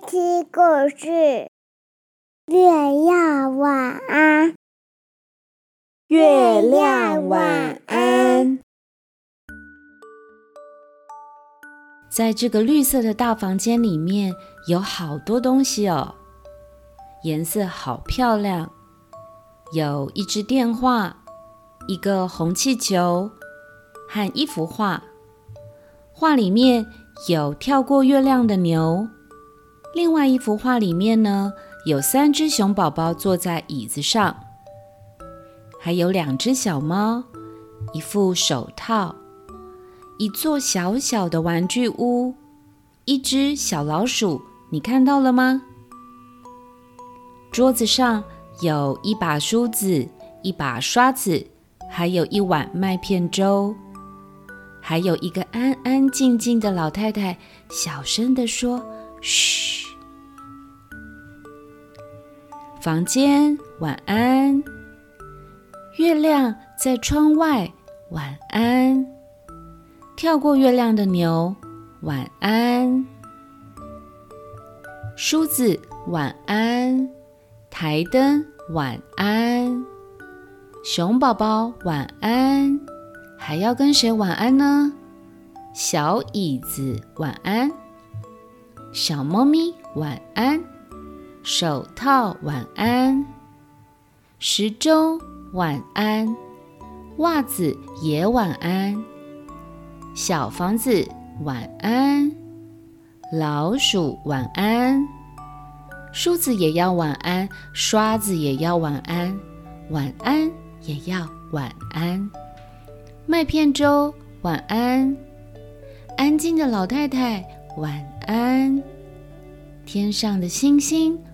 聽故事，月亮晚安，月亮晚安。在這個綠色的大房間裡面，有好多東西哦，顏色好漂亮。有一只電話，一個紅氣球和一幅畫，畫裡面有跳過月亮的牛。另外一幅畫裡面呢，有三隻熊寶寶坐在椅子上，還有兩隻小貓，一副手套，一座小小的玩具屋，一隻小老鼠，你看到了嗎？桌子上有一把梳子，一把刷子，還有一碗麥片粥，還有一個安安靜靜的老太太，小聲地說：“噓。”房間，晚安。月亮在窗外，晚安。跳過月亮的牛，晚安。梳子，晚安。台燈，晚安。熊寶寶，晚安。還要跟誰晚安呢？小椅子，晚安。小貓咪，晚安。手套，晚安。時鐘，晚安。襪子也晚安。小房子，晚安。老鼠，晚安。梳子，也要晚安。刷子，也要晚安。晚安，也要晚安。麥片粥，晚安。安靜的老太太，晚安。天上的星星。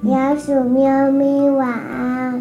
嗯，老鼠、喵咪，晚安。